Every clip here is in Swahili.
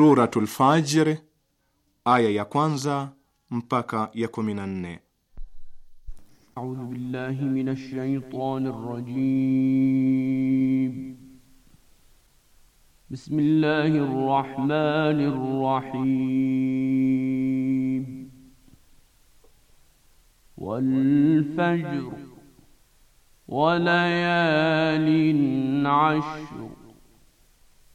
Suratul Fajr aya ya kwanza mpaka ya kumi na nne. A'udhu billahi minash shaitanir rajim. Bismillahir rahmanir rahim. Wal fajr wa layalin 'ashr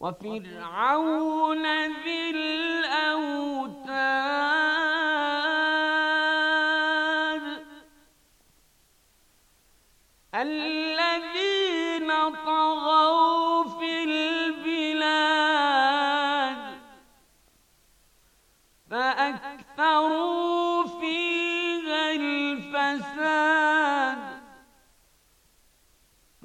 وفرعون ذي الأوتاد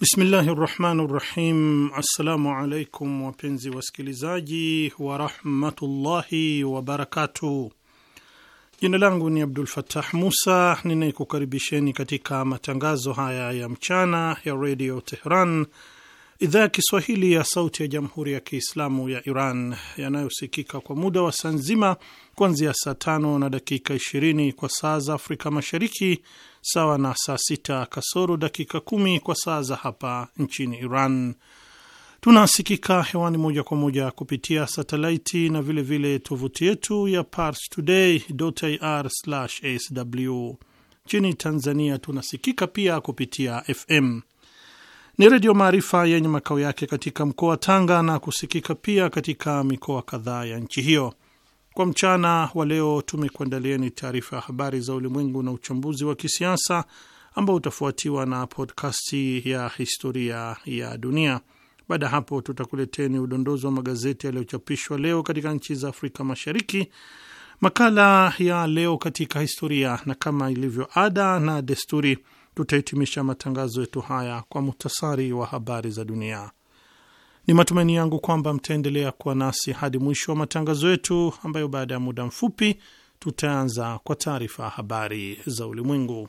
Bismillahi rahmani rahim. Assalamu alaikum wapenzi wasikilizaji warahmatullahi wabarakatuh. Jina langu ni Abdul Fattah Musa ninayekukaribisheni katika matangazo haya ya mchana ya redio Tehran idhaa ya Kiswahili ya Sauti ya Jamhuri ya Kiislamu ya Iran yanayosikika kwa muda wa saa nzima kuanzia saa tano na dakika 20 kwa saa za Afrika Mashariki, sawa na saa sita kasoro dakika kumi kwa saa za hapa nchini Iran. Tunasikika hewani moja kwa moja kupitia satelaiti na vilevile tovuti yetu ya parstoday.ir/sw. Nchini Tanzania tunasikika pia kupitia FM ni redio Maarifa yenye makao yake katika mkoa wa Tanga na kusikika pia katika mikoa kadhaa ya nchi hiyo. Kwa mchana wa leo tumekuandalieni taarifa ya habari za ulimwengu na uchambuzi wa kisiasa ambao utafuatiwa na podkasti ya historia ya dunia. Baada ya hapo, tutakuleteni udondozi wa magazeti yaliyochapishwa leo katika nchi za Afrika Mashariki, makala ya leo katika historia, na kama ilivyo ada na desturi tutahitimisha matangazo yetu haya kwa muhtasari wa habari za dunia. Ni matumaini yangu kwamba mtaendelea kuwa nasi hadi mwisho wa matangazo yetu, ambayo baada ya muda mfupi tutaanza kwa taarifa ya habari za ulimwengu.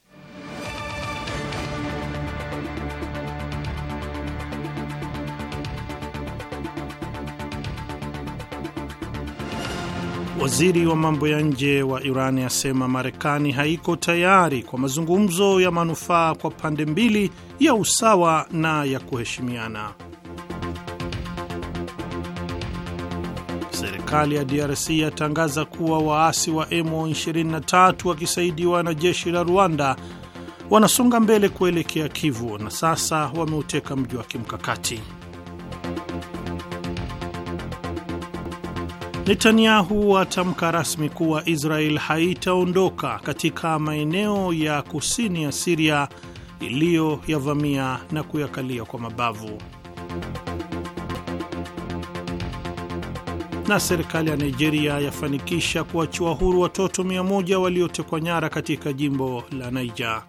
Waziri wa mambo ya nje wa Iran asema Marekani haiko tayari kwa mazungumzo ya manufaa kwa pande mbili ya usawa na ya kuheshimiana. Serikali ya DRC yatangaza kuwa waasi wa M23 wakisaidiwa na jeshi la Rwanda wanasonga mbele kuelekea Kivu na sasa wameuteka mji wa kimkakati. Netanyahu atamka rasmi kuwa Israel haitaondoka katika maeneo ya kusini ya Siria iliyoyavamia na kuyakalia kwa mabavu. Na serikali ya Nigeria yafanikisha kuachiwa huru watoto 1 waliotekwa nyara katika jimbo la Niger.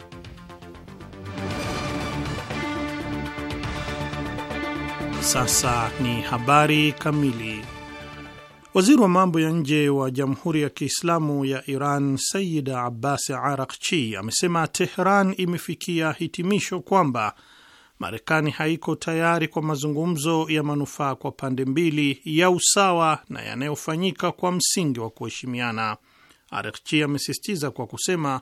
Sasa ni habari kamili. Waziri wa mambo ya nje wa Jamhuri ya Kiislamu ya Iran Sayida Abbas Arakchi amesema Tehran imefikia hitimisho kwamba Marekani haiko tayari kwa mazungumzo ya manufaa kwa pande mbili ya usawa na yanayofanyika kwa msingi wa kuheshimiana. Arakchi amesisitiza kwa kusema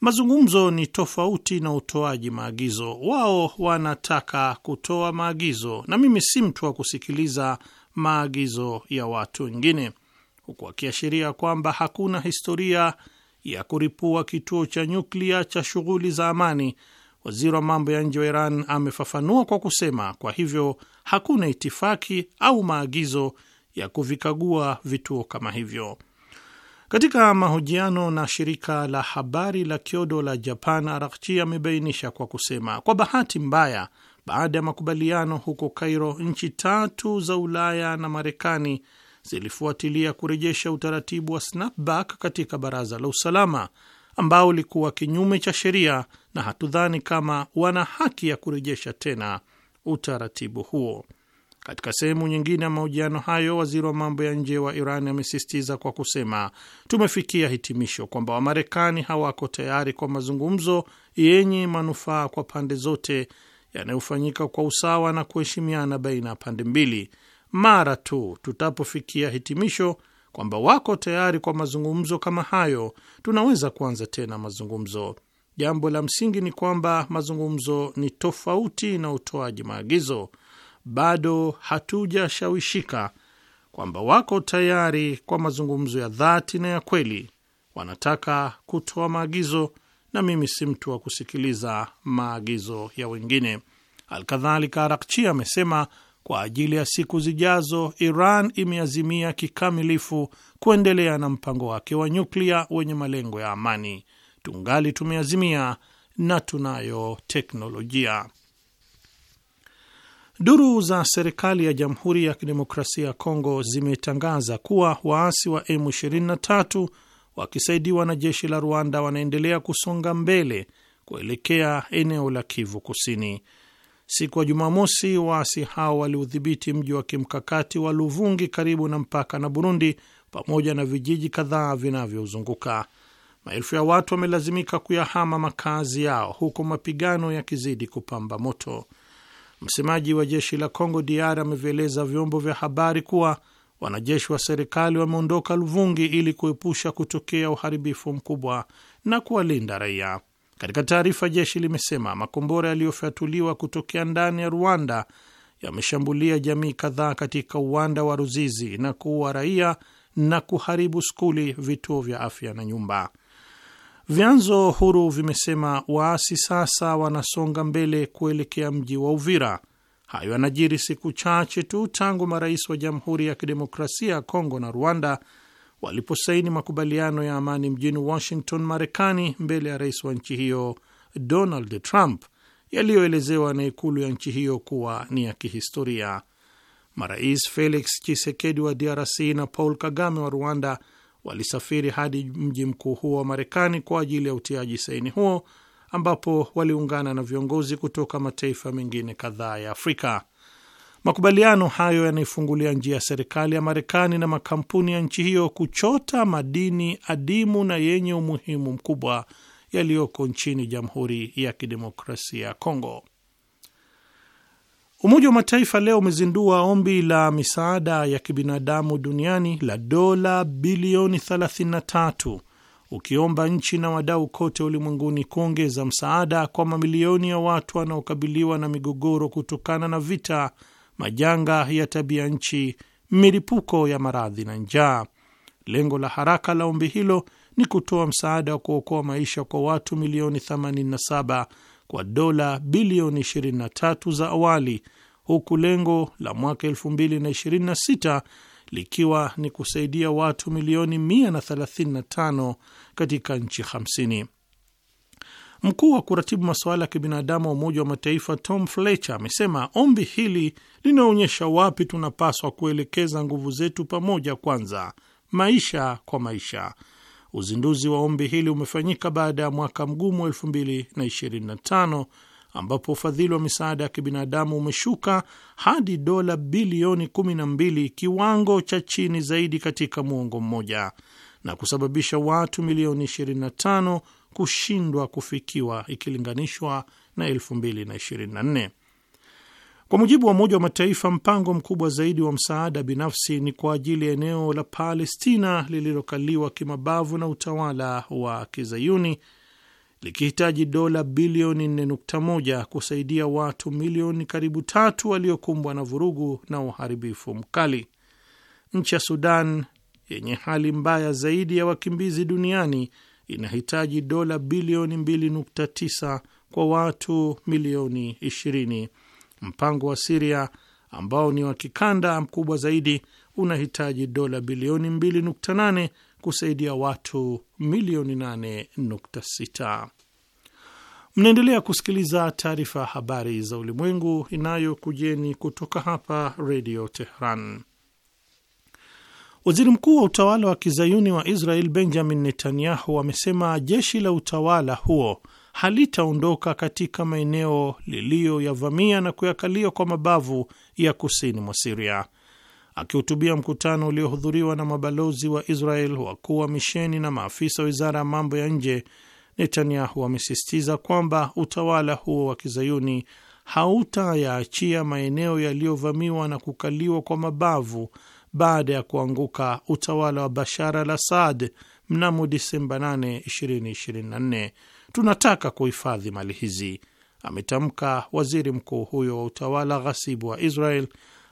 mazungumzo ni tofauti na utoaji maagizo. Wao wanataka kutoa maagizo, na mimi si mtu wa kusikiliza maagizo ya watu wengine, huku akiashiria kwamba hakuna historia ya kuripua kituo cha nyuklia cha shughuli za amani. Waziri wa mambo ya nje wa Iran amefafanua kwa kusema, kwa hivyo hakuna itifaki au maagizo ya kuvikagua vituo kama hivyo. Katika mahojiano na shirika la habari la Kyodo la Japan, Arakchi amebainisha kwa kusema, kwa bahati mbaya baada ya makubaliano huko cairo nchi tatu za Ulaya na Marekani zilifuatilia kurejesha utaratibu wa snapback katika Baraza la Usalama ambao ulikuwa kinyume cha sheria, na hatudhani kama wana haki ya kurejesha tena utaratibu huo. Katika sehemu nyingine ya mahojiano hayo, waziri wa mambo ya nje wa Iran amesisitiza kwa kusema, tumefikia hitimisho kwamba Wamarekani hawako tayari kwa mazungumzo yenye manufaa kwa pande zote yanayofanyika kwa usawa na kuheshimiana baina ya pande mbili, mara tu tutapofikia hitimisho kwamba wako tayari kwa mazungumzo kama hayo, tunaweza kuanza tena mazungumzo. Jambo la msingi ni kwamba mazungumzo ni tofauti na utoaji maagizo. Bado hatujashawishika kwamba wako tayari kwa mazungumzo ya dhati na ya kweli. Wanataka kutoa maagizo na mimi si mtu wa kusikiliza maagizo ya wengine. Alkadhalika, Arakchi amesema kwa ajili ya siku zijazo, Iran imeazimia kikamilifu kuendelea na mpango wake wa nyuklia wenye malengo ya amani. Tungali tumeazimia na tunayo teknolojia. Duru za serikali ya Jamhuri ya Kidemokrasia ya Kongo zimetangaza kuwa waasi wa M23 wakisaidiwa na jeshi la Rwanda wanaendelea kusonga mbele kuelekea eneo la Kivu Kusini. Siku ya Jumamosi, waasi hao waliudhibiti mji wa kimkakati wa Luvungi karibu na mpaka na Burundi, pamoja na vijiji kadhaa vinavyozunguka. Maelfu ya watu wamelazimika kuyahama makazi yao huku mapigano yakizidi kupamba moto. Msemaji wa jeshi la congo DR amevieleza vyombo vya habari kuwa Wanajeshi wa serikali wameondoka Luvungi ili kuepusha kutokea uharibifu mkubwa na kuwalinda raia. Katika taarifa, jeshi limesema makombora yaliyofyatuliwa kutokea ndani ya Rwanda yameshambulia jamii kadhaa katika uwanda wa Ruzizi na kuua raia na kuharibu skuli, vituo vya afya na nyumba. Vyanzo huru vimesema waasi sasa wanasonga mbele kuelekea mji wa Uvira Hayo yanajiri siku chache tu tangu marais wa Jamhuri ya Kidemokrasia ya Kongo na Rwanda waliposaini makubaliano ya amani mjini Washington, Marekani, mbele ya rais wa nchi hiyo Donald Trump, yaliyoelezewa na ikulu ya nchi hiyo kuwa ni ya kihistoria. Marais Felix Tshisekedi wa DRC na Paul Kagame wa Rwanda walisafiri hadi mji mkuu huo wa Marekani kwa ajili ya utiaji saini huo ambapo waliungana na viongozi kutoka mataifa mengine kadhaa ya Afrika. Makubaliano hayo yanaifungulia njia ya serikali ya Marekani na makampuni ya nchi hiyo kuchota madini adimu na yenye umuhimu mkubwa yaliyoko nchini Jamhuri ya Kidemokrasia ya Kongo. Umoja wa Mataifa leo umezindua ombi la misaada ya kibinadamu duniani la dola bilioni ukiomba nchi na wadau kote ulimwenguni kuongeza msaada kwa mamilioni ya watu wanaokabiliwa na migogoro kutokana na vita, majanga ya tabia nchi, milipuko ya maradhi na njaa. Lengo la haraka la ombi hilo ni kutoa msaada wa kuokoa maisha kwa watu milioni 87 kwa dola bilioni 23 za awali, huku lengo la mwaka 2026 likiwa ni kusaidia watu milioni 135 katika nchi 50. Mkuu wa kuratibu masuala ya kibinadamu wa Umoja wa Mataifa Tom Fletcher amesema ombi hili linaonyesha wapi tunapaswa kuelekeza nguvu zetu pamoja, kwanza maisha kwa maisha. Uzinduzi wa ombi hili umefanyika baada ya mwaka mgumu 2025 ambapo ufadhili wa misaada ya kibinadamu umeshuka hadi dola bilioni 12, kiwango cha chini zaidi katika mwongo mmoja, na kusababisha watu milioni 25 kushindwa kufikiwa ikilinganishwa na 2024. Kwa mujibu wa Umoja wa Mataifa, mpango mkubwa zaidi wa msaada binafsi ni kwa ajili ya eneo la Palestina lililokaliwa kimabavu na utawala wa kizayuni likihitaji dola bilioni 4.1 kusaidia watu milioni karibu tatu waliokumbwa na vurugu na uharibifu mkali. Nchi ya Sudan yenye hali mbaya zaidi ya wakimbizi duniani inahitaji dola bilioni 2.9 kwa watu milioni 20. Mpango wa Siria ambao ni wa kikanda mkubwa zaidi unahitaji dola bilioni 2.8 kusaidia watu milioni 8.6. Mnaendelea kusikiliza taarifa ya habari za ulimwengu inayokujeni kutoka hapa redio Tehran. Waziri mkuu wa utawala wa kizayuni wa Israel Benjamin Netanyahu amesema jeshi la utawala huo halitaondoka katika maeneo liliyoyavamia na kuyakalia kwa mabavu ya kusini mwa Siria. Akihutubia mkutano uliohudhuriwa na mabalozi wa Israel, wakuu wa misheni na maafisa wizara ya mambo ya nje, Netanyahu amesisitiza kwamba utawala huo wa kizayuni hautayaachia maeneo yaliyovamiwa na kukaliwa kwa mabavu baada ya kuanguka utawala wa Bashar al Assad mnamo Disemba 8, 2024. Tunataka kuhifadhi mali hizi, ametamka waziri mkuu huyo wa utawala ghasibu wa Israel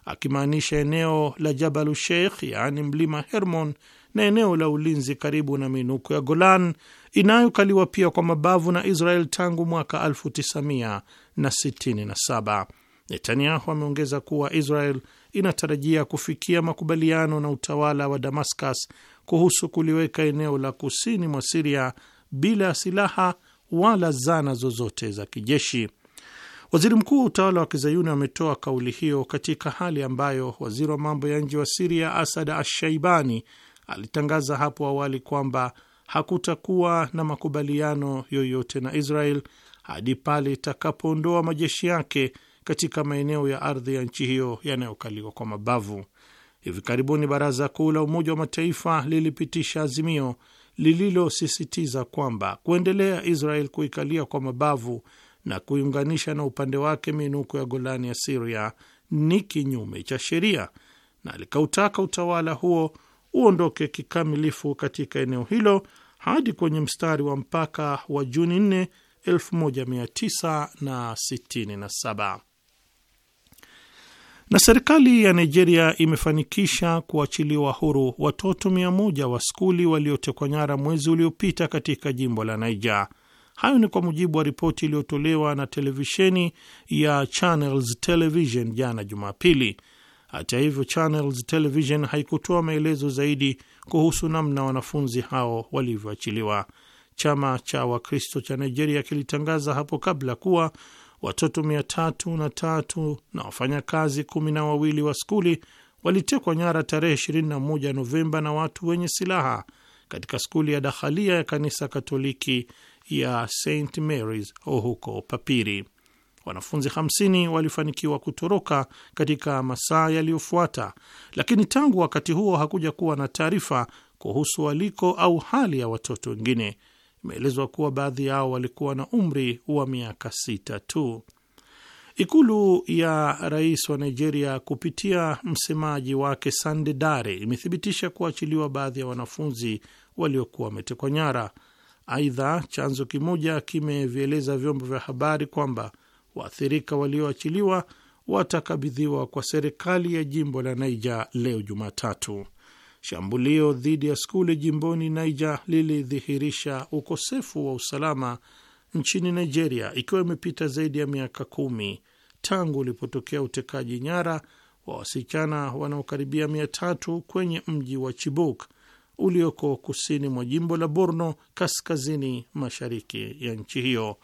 akimaanisha eneo la Jabalu Sheikh, yaani mlima Hermon, na eneo la ulinzi karibu na minuko ya Golan inayokaliwa pia kwa mabavu na Israel tangu mwaka 1967. Netanyahu ameongeza kuwa Israel inatarajia kufikia makubaliano na utawala wa Damascus kuhusu kuliweka eneo la kusini mwa Siria bila ya silaha wala zana zozote za kijeshi. Waziri mkuu wa utawala wa kizayuni ametoa kauli hiyo katika hali ambayo waziri wa mambo ya nje wa Siria Asad Ashaibani alitangaza hapo awali kwamba hakutakuwa na makubaliano yoyote na Israel hadi pale itakapoondoa majeshi yake katika maeneo ya ardhi ya nchi hiyo yanayokaliwa kwa mabavu. Hivi karibuni Baraza Kuu la Umoja wa Mataifa lilipitisha azimio lililosisitiza kwamba kuendelea Israel kuikalia kwa mabavu na kuiunganisha na upande wake miinuko ya Golani ya Siria ni kinyume cha sheria, na likautaka utawala huo uondoke kikamilifu katika eneo hilo hadi kwenye mstari wa mpaka wa Juni 4, 1967 na serikali ya Nigeria imefanikisha kuachiliwa huru watoto 1 wa skuli waliotekwa nyara mwezi uliopita katika jimbo la Niger. Hayo ni kwa mujibu wa ripoti iliyotolewa na televisheni ya Channels Television jana Jumapili. Hata hivyo, Channels Television haikutoa maelezo zaidi kuhusu namna wanafunzi hao walivyoachiliwa. Chama cha Wakristo cha Nigeria kilitangaza hapo kabla kuwa watoto mia tatu na tatu na wafanyakazi kumi na wawili wa skuli walitekwa nyara tarehe 21 Novemba na watu wenye silaha katika skuli ya Dakhalia ya kanisa Katoliki ya St Mary's huko Papiri. Wanafunzi 50 walifanikiwa kutoroka katika masaa yaliyofuata, lakini tangu wakati huo hakuja kuwa na taarifa kuhusu waliko au hali ya watoto wengine. Imeelezwa kuwa baadhi yao walikuwa na umri wa miaka sita tu. Ikulu ya rais wa Nigeria kupitia msemaji wake Sande Dare imethibitisha kuachiliwa baadhi ya wanafunzi waliokuwa wametekwa nyara. Aidha, chanzo kimoja kimevieleza vyombo vya habari kwamba waathirika walioachiliwa watakabidhiwa kwa serikali ya jimbo la Niger leo Jumatatu. Shambulio dhidi ya skuli jimboni Niger lilidhihirisha ukosefu wa usalama nchini Nigeria, ikiwa imepita zaidi ya miaka kumi tangu ulipotokea utekaji nyara wa wasichana wanaokaribia mia tatu kwenye mji wa Chibuk ulioko kusini mwa jimbo la Borno, kaskazini mashariki ya nchi hiyo.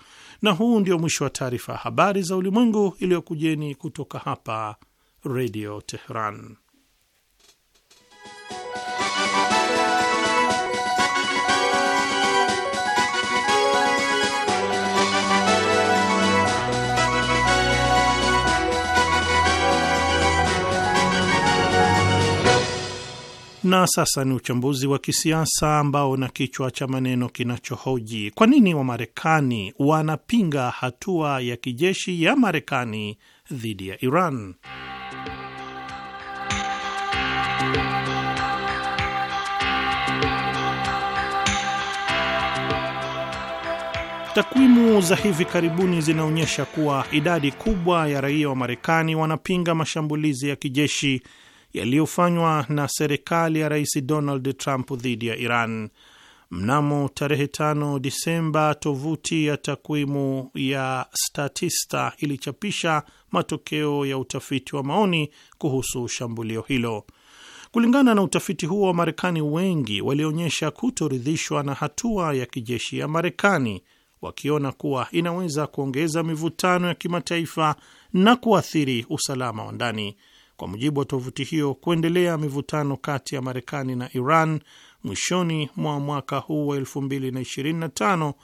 Na huu ndio mwisho wa taarifa ya habari za ulimwengu iliyokujeni kutoka hapa Redio Teheran. Na sasa ni uchambuzi wa kisiasa ambao na kichwa cha maneno kinachohoji kwa nini Wamarekani wanapinga hatua ya kijeshi ya Marekani dhidi ya Iran. Takwimu za hivi karibuni zinaonyesha kuwa idadi kubwa ya raia wa Marekani wanapinga mashambulizi ya kijeshi yaliyofanywa na serikali ya Rais Donald Trump dhidi ya Iran. Mnamo tarehe 5 Disemba, tovuti ya takwimu ya Statista ilichapisha matokeo ya utafiti wa maoni kuhusu shambulio hilo. Kulingana na utafiti huo, Wamarekani wengi walionyesha kutoridhishwa na hatua ya kijeshi ya Marekani, wakiona kuwa inaweza kuongeza mivutano ya kimataifa na kuathiri usalama wa ndani. Kwa mujibu wa tovuti hiyo, kuendelea mivutano kati ya Marekani na Iran mwishoni mwa mwaka huu wa 2025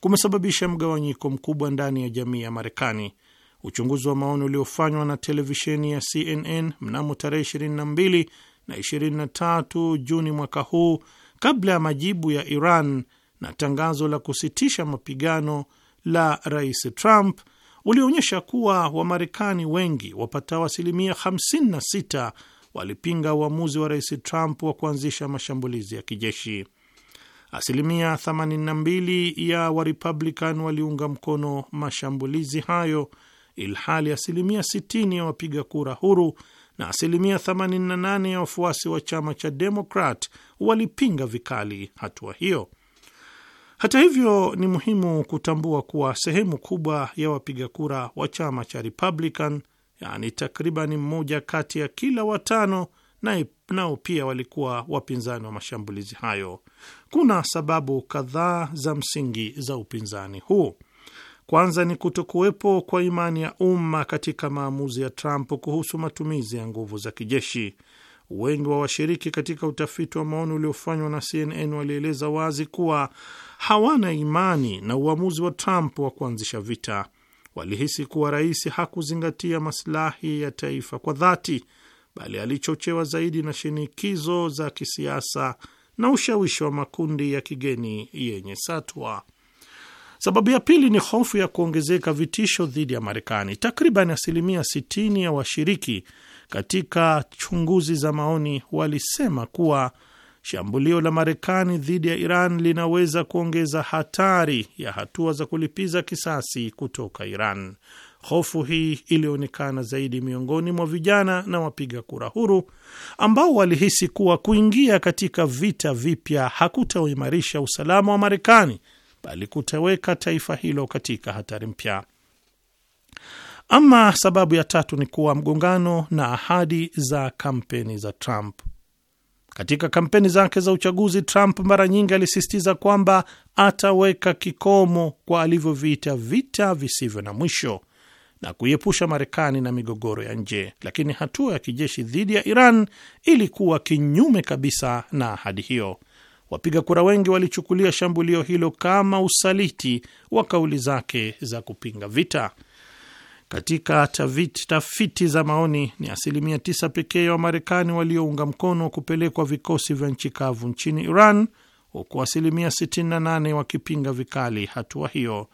kumesababisha mgawanyiko mkubwa ndani ya jamii ya Marekani. Uchunguzi wa maoni uliofanywa na televisheni ya CNN mnamo tarehe 22 na 23 Juni mwaka huu, kabla ya majibu ya Iran na tangazo la kusitisha mapigano la Rais Trump ulionyesha kuwa Wamarekani wengi wapatao asilimia 56 walipinga uamuzi wa Rais Trump wa kuanzisha mashambulizi ya kijeshi. Asilimia 82 ya Warepublican waliunga mkono mashambulizi hayo, ilhali asilimia 60 ya wapiga kura huru na asilimia 88 ya wafuasi wa chama cha Demokrat walipinga vikali hatua hiyo. Hata hivyo, ni muhimu kutambua kuwa sehemu kubwa ya wapiga kura wa chama cha Republican, yaani takribani mmoja kati ya kila watano, nao pia walikuwa wapinzani wa mashambulizi hayo. Kuna sababu kadhaa za msingi za upinzani huu. Kwanza ni kutokuwepo kwa imani ya umma katika maamuzi ya Trump kuhusu matumizi ya nguvu za kijeshi. Wengi wa washiriki katika utafiti wa maoni uliofanywa na CNN walieleza wazi kuwa hawana imani na uamuzi wa Trump wa kuanzisha vita. Walihisi kuwa rais hakuzingatia masilahi ya taifa kwa dhati, bali alichochewa zaidi na shinikizo za kisiasa na ushawishi wa makundi ya kigeni yenye satwa. Sababu ya pili ni hofu ya kuongezeka vitisho dhidi ya Marekani. Takriban asilimia 60 ya washiriki katika chunguzi za maoni walisema kuwa shambulio la Marekani dhidi ya Iran linaweza kuongeza hatari ya hatua za kulipiza kisasi kutoka Iran. Hofu hii ilionekana zaidi miongoni mwa vijana na wapiga kura huru ambao walihisi kuwa kuingia katika vita vipya hakutaimarisha usalama wa Marekani bali kutaweka taifa hilo katika hatari mpya. Ama sababu ya tatu ni kuwa mgongano na ahadi za kampeni za Trump. Katika kampeni zake za uchaguzi, Trump mara nyingi alisisitiza kwamba ataweka kikomo kwa alivyoviita vita visivyo na mwisho na kuiepusha Marekani na migogoro ya nje, lakini hatua ya kijeshi dhidi ya Iran ilikuwa kinyume kabisa na ahadi hiyo. Wapiga kura wengi walichukulia shambulio hilo kama usaliti wa kauli zake za kupinga vita. Katika tafiti, tafiti za maoni ni asilimia tisa pekee ya Wamarekani waliounga mkono kupelekwa vikosi vya nchi kavu nchini Iran, huku asilimia 68 wakipinga vikali hatua hiyo.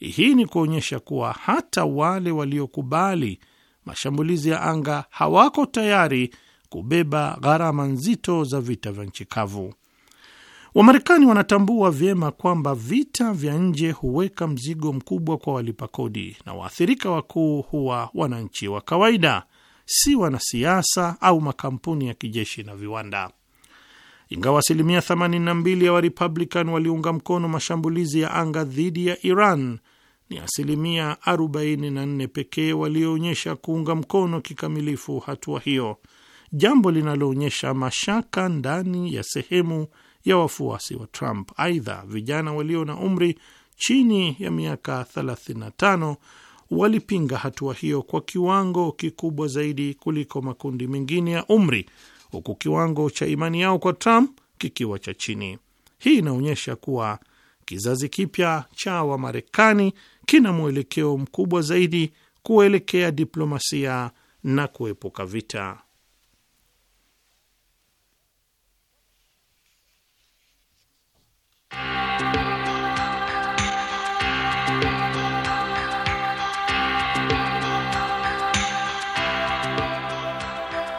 Hii ni kuonyesha kuwa hata wale waliokubali mashambulizi ya anga hawako tayari kubeba gharama nzito za vita vya nchi kavu. Wamarekani wanatambua vyema kwamba vita vya nje huweka mzigo mkubwa kwa walipa kodi na waathirika wakuu huwa wananchi wa kawaida, si wanasiasa au makampuni ya kijeshi na viwanda. Ingawa asilimia 82 ya Warepublican waliunga mkono mashambulizi ya anga dhidi ya Iran, ni asilimia 44 pekee walioonyesha kuunga mkono kikamilifu hatua hiyo, jambo linaloonyesha mashaka ndani ya sehemu ya wafuasi wa Trump. Aidha, vijana walio na umri chini ya miaka 35 walipinga hatua hiyo kwa kiwango kikubwa zaidi kuliko makundi mengine ya umri, huku kiwango cha imani yao kwa Trump kikiwa cha chini. Hii inaonyesha kuwa kizazi kipya cha Wamarekani kina mwelekeo mkubwa zaidi kuelekea diplomasia na kuepuka vita.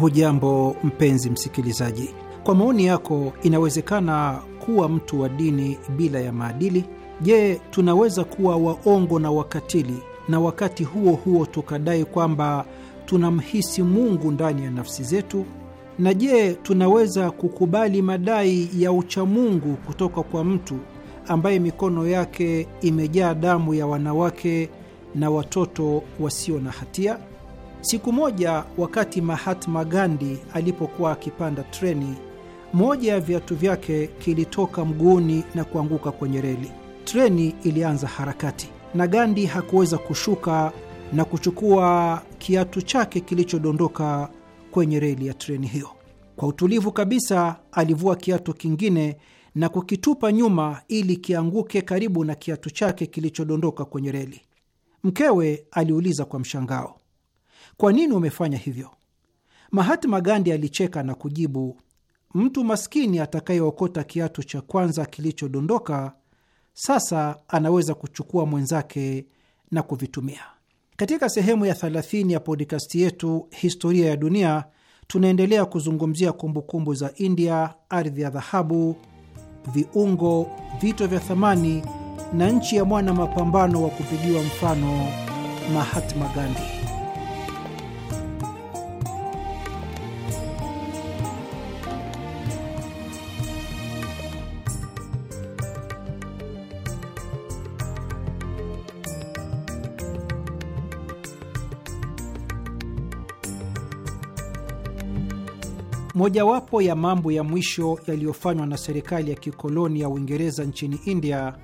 Hujambo mpenzi msikilizaji, kwa maoni yako, inawezekana kuwa mtu wa dini bila ya maadili? Je, tunaweza kuwa waongo na wakatili na wakati huo huo tukadai kwamba tunamhisi Mungu ndani ya nafsi zetu? Na je, tunaweza kukubali madai ya uchamungu kutoka kwa mtu ambaye mikono yake imejaa damu ya wanawake na watoto wasio na hatia? Siku moja wakati Mahatma Gandhi alipokuwa akipanda treni, moja ya viatu vyake kilitoka mguuni na kuanguka kwenye reli. Treni ilianza harakati na Gandhi hakuweza kushuka na kuchukua kiatu chake kilichodondoka kwenye reli ya treni hiyo. Kwa utulivu kabisa, alivua kiatu kingine na kukitupa nyuma ili kianguke karibu na kiatu chake kilichodondoka kwenye reli. Mkewe aliuliza kwa mshangao, kwa nini umefanya hivyo? Mahatma Gandhi alicheka na kujibu, mtu maskini atakayeokota kiatu cha kwanza kilichodondoka sasa anaweza kuchukua mwenzake na kuvitumia. Katika sehemu ya 30 ya podkasti yetu Historia ya Dunia, tunaendelea kuzungumzia kumbukumbu za India, ardhi ya dhahabu, viungo, vito vya thamani na nchi ya mwana mapambano wa kupigiwa mfano Mahatma Gandhi. Mojawapo ya mambo ya mwisho yaliyofanywa na serikali ya kikoloni ya Uingereza nchini India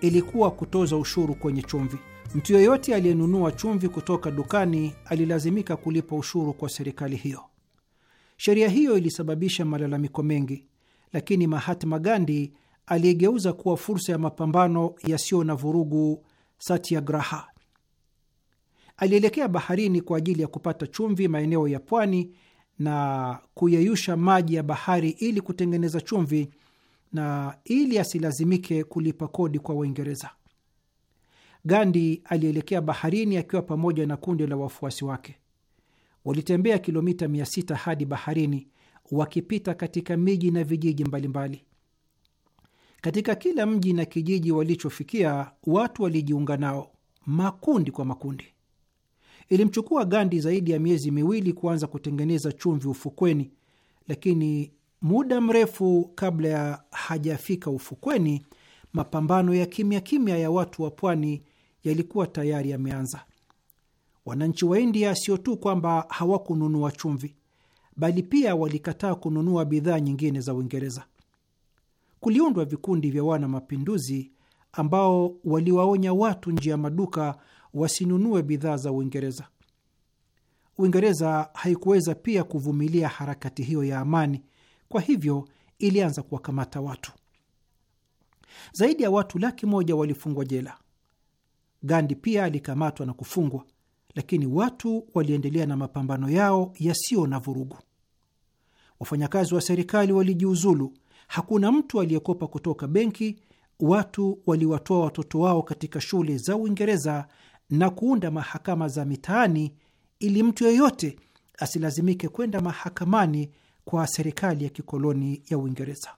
ilikuwa kutoza ushuru kwenye chumvi. Mtu yeyote aliyenunua chumvi kutoka dukani alilazimika kulipa ushuru kwa serikali hiyo. Sheria hiyo ilisababisha malalamiko mengi, lakini Mahatma Gandhi aliyegeuza kuwa fursa ya mapambano yasiyo na vurugu, satyagraha. Alielekea baharini kwa ajili ya kupata chumvi maeneo ya pwani na kuyeyusha maji ya bahari ili kutengeneza chumvi na ili asilazimike kulipa kodi kwa Waingereza. Gandhi alielekea baharini akiwa pamoja na kundi la wafuasi wake. Walitembea kilomita 600 hadi baharini, wakipita katika miji na vijiji mbalimbali mbali. Katika kila mji na kijiji walichofikia, watu walijiunga nao makundi kwa makundi. Ilimchukua Gandhi zaidi ya miezi miwili kuanza kutengeneza chumvi ufukweni, lakini muda mrefu kabla ya hajafika ufukweni, mapambano ya kimya kimya ya watu wa pwani yalikuwa tayari yameanza. Wananchi wa India sio tu kwamba hawakununua chumvi, bali pia walikataa kununua bidhaa nyingine za Uingereza. Kuliundwa vikundi vya wana mapinduzi ambao waliwaonya watu nje ya maduka wasinunue bidhaa za Uingereza. Uingereza haikuweza pia kuvumilia harakati hiyo ya amani, kwa hivyo ilianza kuwakamata watu. Zaidi ya watu laki moja walifungwa jela. Gandhi pia alikamatwa na kufungwa, lakini watu waliendelea na mapambano yao yasiyo na vurugu. Wafanyakazi wa serikali walijiuzulu, hakuna mtu aliyekopa kutoka benki. Watu waliwatoa watoto wao katika shule za Uingereza na kuunda mahakama za mitaani ili mtu yeyote asilazimike kwenda mahakamani kwa serikali ya kikoloni ya Uingereza.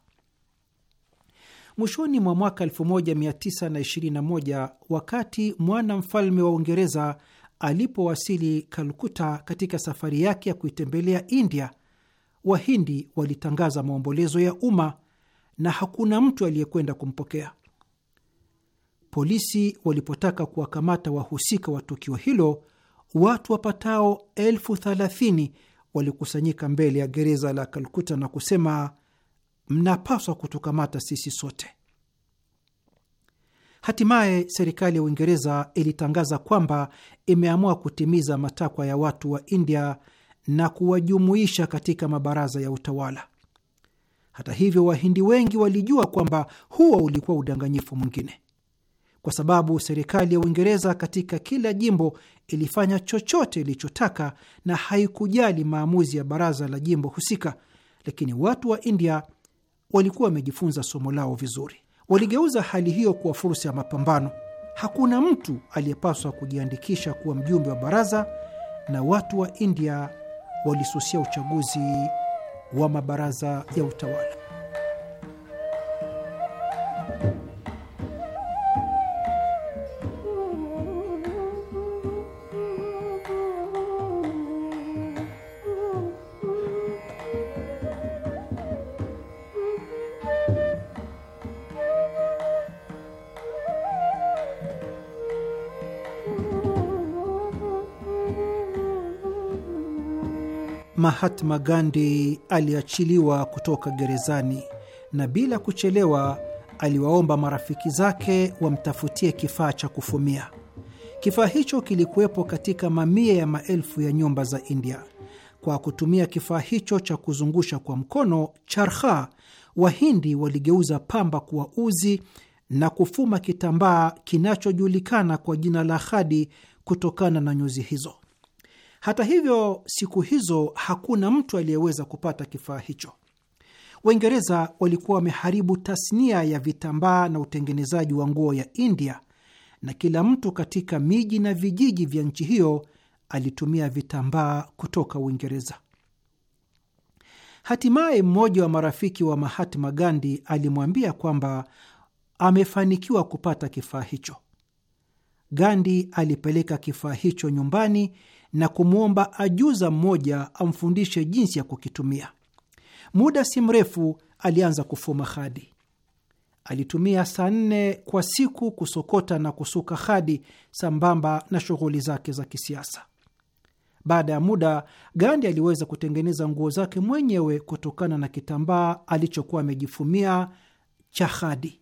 Mwishoni mwa mwaka 1921 wakati mwana mfalme wa Uingereza alipowasili Kalkuta katika safari yake ya kuitembelea India, Wahindi walitangaza maombolezo ya umma na hakuna mtu aliyekwenda kumpokea polisi walipotaka kuwakamata wahusika wa tukio hilo, watu wapatao elfu thalathini walikusanyika mbele ya gereza la Kalkuta na kusema, mnapaswa kutukamata sisi sote. Hatimaye serikali ya Uingereza ilitangaza kwamba imeamua kutimiza matakwa ya watu wa India na kuwajumuisha katika mabaraza ya utawala. Hata hivyo, Wahindi wengi walijua kwamba huo ulikuwa udanganyifu mwingine kwa sababu serikali ya Uingereza katika kila jimbo ilifanya chochote ilichotaka na haikujali maamuzi ya baraza la jimbo husika. Lakini watu wa India walikuwa wamejifunza somo lao vizuri, waligeuza hali hiyo kuwa fursa ya mapambano. Hakuna mtu aliyepaswa kujiandikisha kuwa mjumbe wa baraza, na watu wa India walisusia uchaguzi wa mabaraza ya utawala. Mahatma Gandhi aliachiliwa kutoka gerezani na bila kuchelewa aliwaomba marafiki zake wamtafutie kifaa cha kufumia. Kifaa hicho kilikuwepo katika mamia ya maelfu ya nyumba za India. Kwa kutumia kifaa hicho cha kuzungusha kwa mkono charha, Wahindi waligeuza pamba kuwa uzi na kufuma kitambaa kinachojulikana kwa jina la khadi kutokana na nyuzi hizo. Hata hivyo, siku hizo hakuna mtu aliyeweza kupata kifaa hicho. Waingereza walikuwa wameharibu tasnia ya vitambaa na utengenezaji wa nguo ya India, na kila mtu katika miji na vijiji vya nchi hiyo alitumia vitambaa kutoka Uingereza. Hatimaye mmoja wa marafiki wa Mahatma Gandhi alimwambia kwamba amefanikiwa kupata kifaa hicho. Gandhi alipeleka kifaa hicho nyumbani na kumwomba ajuza mmoja amfundishe jinsi ya kukitumia. Muda si mrefu alianza kufuma khadi. Alitumia saa nne kwa siku kusokota na kusuka khadi sambamba na shughuli zake za kisiasa. Baada ya muda, Gandhi aliweza kutengeneza nguo zake mwenyewe kutokana na kitambaa alichokuwa amejifumia cha khadi.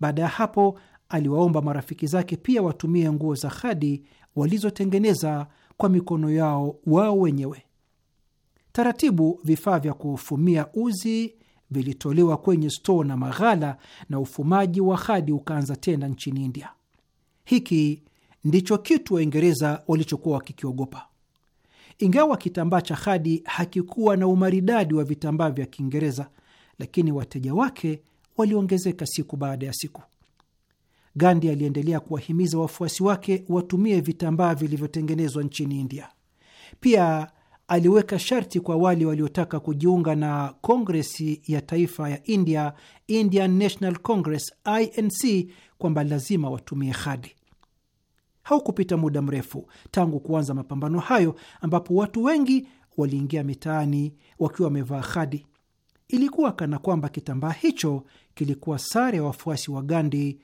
Baada ya hapo, aliwaomba marafiki zake pia watumie nguo za khadi walizotengeneza kwa mikono yao wao wenyewe. Taratibu, vifaa vya kufumia uzi vilitolewa kwenye stoo na maghala na ufumaji wa khadi ukaanza tena nchini India. Hiki ndicho kitu Waingereza walichokuwa wakikiogopa. Ingawa kitambaa cha khadi hakikuwa na umaridadi wa vitambaa vya Kiingereza, lakini wateja wake waliongezeka siku baada ya siku. Gandhi aliendelea kuwahimiza wafuasi wake watumie vitambaa vilivyotengenezwa nchini India. Pia aliweka sharti kwa wale waliotaka kujiunga na kongresi ya taifa ya India, Indian National Congress, INC, kwamba lazima watumie khadi. Haukupita muda mrefu tangu kuanza mapambano hayo, ambapo watu wengi waliingia mitaani wakiwa wamevaa khadi. Ilikuwa kana kwamba kitambaa hicho kilikuwa sare ya wafuasi wa Gandhi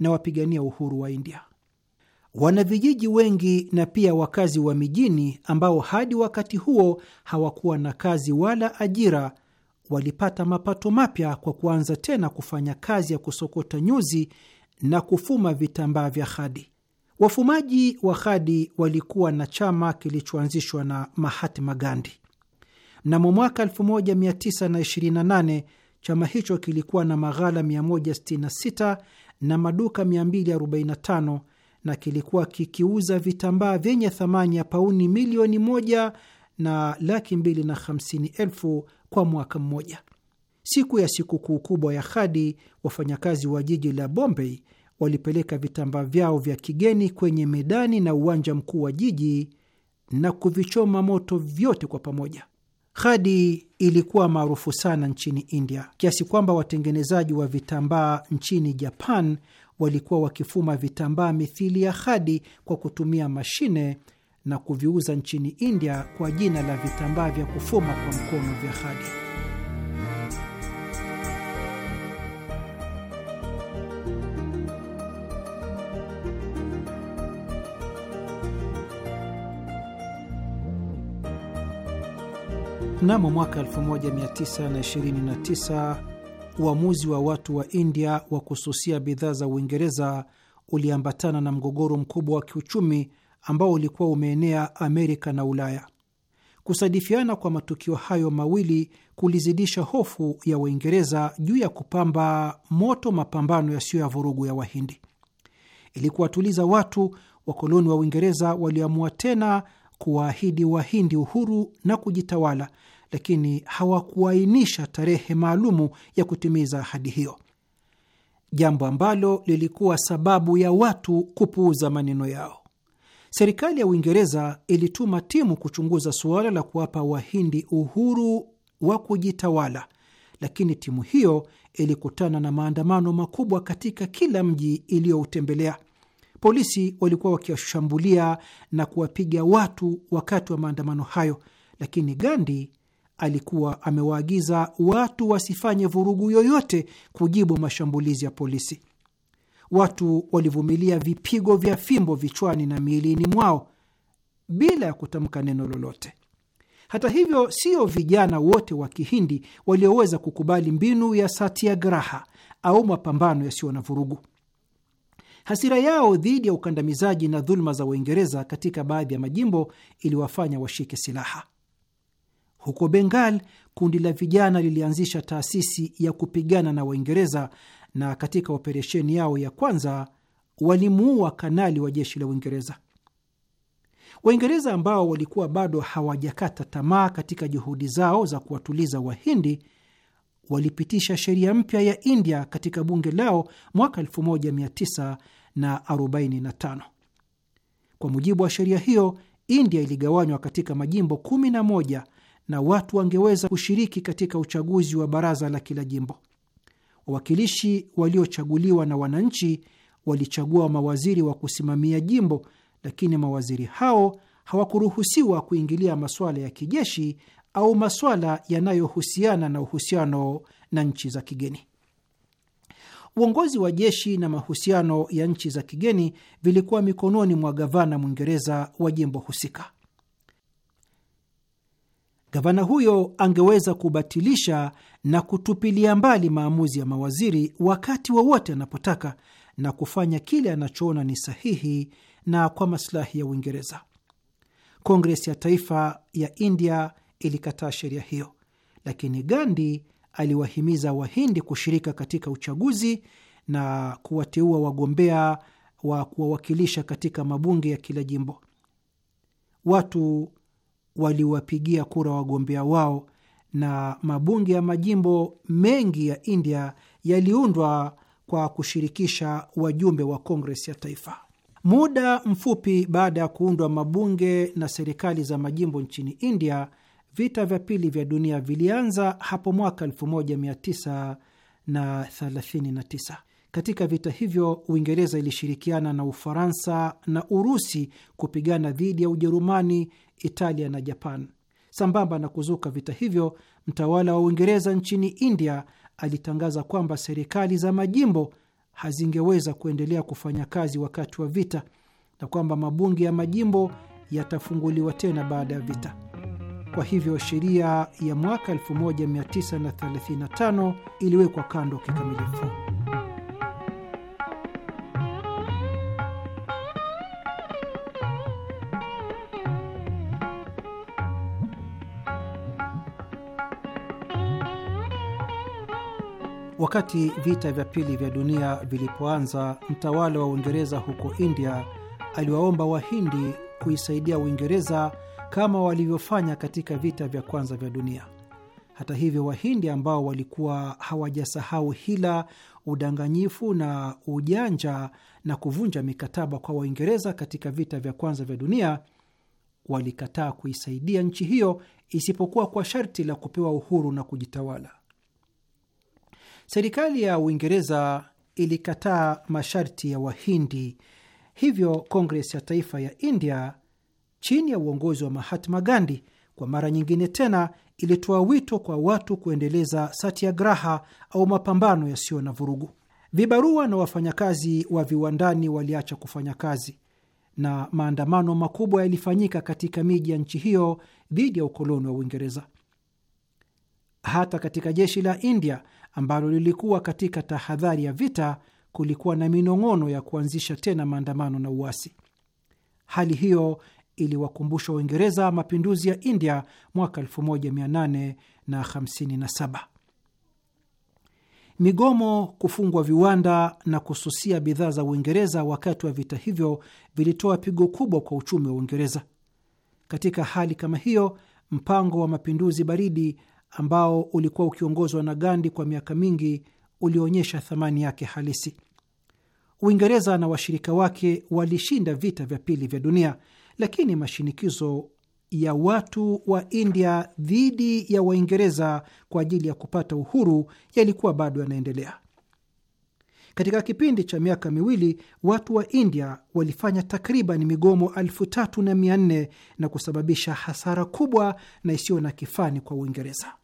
na wapigania uhuru wa India. Wanavijiji wengi na pia wakazi wa mijini ambao hadi wakati huo hawakuwa na kazi wala ajira walipata mapato mapya kwa kuanza tena kufanya kazi ya kusokota nyuzi na kufuma vitambaa vya khadi. Wafumaji wa khadi walikuwa na chama kilichoanzishwa na Mahatma Gandhi. Mnamo mwaka 1928 chama hicho kilikuwa na maghala 166 na maduka 245 na kilikuwa kikiuza vitambaa vyenye thamani ya pauni milioni moja na laki mbili na hamsini elfu kwa mwaka mmoja. Siku ya sikukuu kubwa ya Khadi, wafanyakazi wa jiji la Bombay walipeleka vitambaa vyao vya kigeni kwenye medani na uwanja mkuu wa jiji na kuvichoma moto vyote kwa pamoja. Khadi ilikuwa maarufu sana nchini India kiasi kwamba watengenezaji wa vitambaa nchini Japan walikuwa wakifuma vitambaa mithili ya khadi kwa kutumia mashine na kuviuza nchini India kwa jina la vitambaa vya kufuma kwa mkono vya khadi. Mnamo mwaka 1929 uamuzi wa watu wa India wa kususia bidhaa za Uingereza uliambatana na mgogoro mkubwa wa kiuchumi ambao ulikuwa umeenea Amerika na Ulaya. Kusadifiana kwa matukio hayo mawili kulizidisha hofu ya Waingereza juu ya kupamba moto mapambano yasiyo ya vurugu ya Wahindi. Ili kuwatuliza watu, wakoloni wa Uingereza waliamua tena kuwaahidi Wahindi uhuru na kujitawala lakini hawakuainisha tarehe maalumu ya kutimiza ahadi hiyo, jambo ambalo lilikuwa sababu ya watu kupuuza maneno yao. Serikali ya Uingereza ilituma timu kuchunguza suala la kuwapa Wahindi uhuru wa kujitawala, lakini timu hiyo ilikutana na maandamano makubwa katika kila mji iliyoutembelea. Polisi walikuwa wakiwashambulia na kuwapiga watu wakati wa maandamano hayo, lakini Gandhi alikuwa amewaagiza watu wasifanye vurugu yoyote kujibu mashambulizi ya polisi. Watu walivumilia vipigo vya fimbo vichwani na miilini mwao bila ya kutamka neno lolote. Hata hivyo, sio vijana wote wa Kihindi walioweza kukubali mbinu ya satyagraha au mapambano yasiyo na vurugu. Hasira yao dhidi ya ukandamizaji na dhuluma za Uingereza katika baadhi ya majimbo iliwafanya washike silaha. Huko Bengal, kundi la vijana lilianzisha taasisi ya kupigana na Waingereza, na katika operesheni yao ya kwanza walimuua kanali wa jeshi la Uingereza. Waingereza ambao walikuwa bado hawajakata tamaa katika juhudi zao za kuwatuliza Wahindi walipitisha sheria mpya ya India katika bunge lao mwaka 1945. Kwa mujibu wa sheria hiyo, India iligawanywa katika majimbo 11 na watu wangeweza kushiriki katika uchaguzi wa baraza la kila jimbo. Wawakilishi waliochaguliwa na wananchi walichagua mawaziri wa kusimamia jimbo, lakini mawaziri hao hawakuruhusiwa kuingilia masuala ya kijeshi au masuala yanayohusiana na uhusiano na nchi za kigeni. Uongozi wa jeshi na mahusiano ya nchi za kigeni vilikuwa mikononi mwa gavana Mwingereza wa jimbo husika gavana huyo angeweza kubatilisha na kutupilia mbali maamuzi ya mawaziri wakati wowote wa anapotaka na kufanya kile anachoona ni sahihi na kwa masilahi ya Uingereza. kongres ya Taifa ya India ilikataa sheria hiyo, lakini Gandhi aliwahimiza Wahindi kushirika katika uchaguzi na kuwateua wagombea wa kuwawakilisha katika mabunge ya kila jimbo. Watu waliwapigia kura wagombea wao na mabunge ya majimbo mengi ya India yaliundwa kwa kushirikisha wajumbe wa Kongres ya Taifa. Muda mfupi baada ya kuundwa mabunge na serikali za majimbo nchini India, vita vya pili vya dunia vilianza hapo mwaka 1939. Katika vita hivyo Uingereza ilishirikiana na Ufaransa na Urusi kupigana dhidi ya Ujerumani Italia na Japan. Sambamba na kuzuka vita hivyo, mtawala wa Uingereza nchini India alitangaza kwamba serikali za majimbo hazingeweza kuendelea kufanya kazi wakati wa vita na kwamba mabunge ya majimbo yatafunguliwa tena baada ya vita. Kwa hivyo sheria ya mwaka 1935 iliwekwa kando kikamilifu. Wakati vita vya pili vya dunia vilipoanza, mtawala wa Uingereza huko India aliwaomba Wahindi kuisaidia Uingereza kama walivyofanya katika vita vya kwanza vya dunia. Hata hivyo, Wahindi ambao walikuwa hawajasahau hila, udanganyifu na ujanja na kuvunja mikataba kwa Waingereza katika vita vya kwanza vya dunia walikataa kuisaidia nchi hiyo isipokuwa kwa sharti la kupewa uhuru na kujitawala. Serikali ya Uingereza ilikataa masharti ya Wahindi, hivyo Kongres ya Taifa ya India chini ya uongozi wa Mahatma Gandhi kwa mara nyingine tena ilitoa wito kwa watu kuendeleza satyagraha au mapambano yasiyo na vurugu. Vibarua na wafanyakazi wa viwandani waliacha kufanya kazi na maandamano makubwa yalifanyika katika miji ya nchi hiyo dhidi ya ukoloni wa Uingereza. Hata katika jeshi la India ambalo lilikuwa katika tahadhari ya vita, kulikuwa na minong'ono ya kuanzisha tena maandamano na uasi. Hali hiyo iliwakumbusha Uingereza mapinduzi ya India mwaka 1857. Migomo, kufungwa viwanda na kususia bidhaa za Uingereza wakati wa vita hivyo vilitoa pigo kubwa kwa uchumi wa Uingereza. Katika hali kama hiyo, mpango wa mapinduzi baridi ambao ulikuwa ukiongozwa na Gandhi kwa miaka mingi ulioonyesha thamani yake halisi. Uingereza na washirika wake walishinda vita vya pili vya dunia, lakini mashinikizo ya watu wa India dhidi ya Waingereza kwa ajili ya kupata uhuru yalikuwa bado yanaendelea. Katika kipindi cha miaka miwili watu wa India walifanya takriban migomo elfu tatu na mia nne na kusababisha hasara kubwa na isiyo na kifani kwa Uingereza.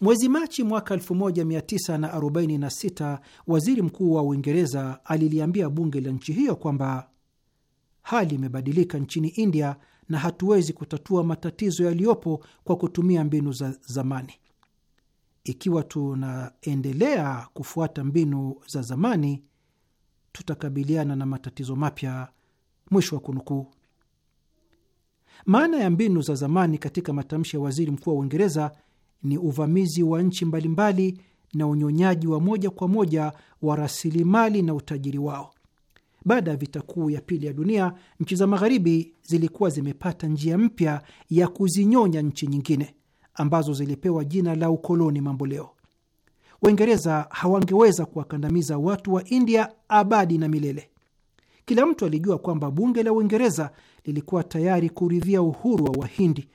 Mwezi Machi mwaka 1946 waziri mkuu wa Uingereza aliliambia bunge la nchi hiyo kwamba hali imebadilika nchini India na hatuwezi kutatua matatizo yaliyopo kwa kutumia mbinu za zamani. Ikiwa tunaendelea kufuata mbinu za zamani, tutakabiliana na matatizo mapya. Mwisho wa kunukuu. Maana ya mbinu za zamani katika matamshi ya waziri mkuu wa Uingereza ni uvamizi wa nchi mbalimbali na unyonyaji wa moja kwa moja wa rasilimali na utajiri wao. Baada ya vita kuu ya pili ya dunia, nchi za magharibi zilikuwa zimepata njia mpya ya kuzinyonya nchi nyingine ambazo zilipewa jina la ukoloni mamboleo. Waingereza hawangeweza kuwakandamiza watu wa India abadi na milele. Kila mtu alijua kwamba bunge la Uingereza lilikuwa tayari kuridhia uhuru wa Wahindi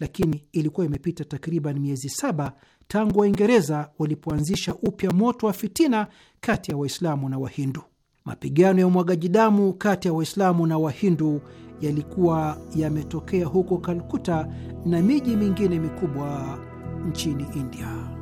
lakini ilikuwa imepita takriban miezi saba tangu Waingereza walipoanzisha upya moto wa fitina kati ya Waislamu na Wahindu. Mapigano ya umwagaji damu kati ya Waislamu na Wahindu yalikuwa yametokea huko Kalkuta na miji mingine mikubwa nchini India.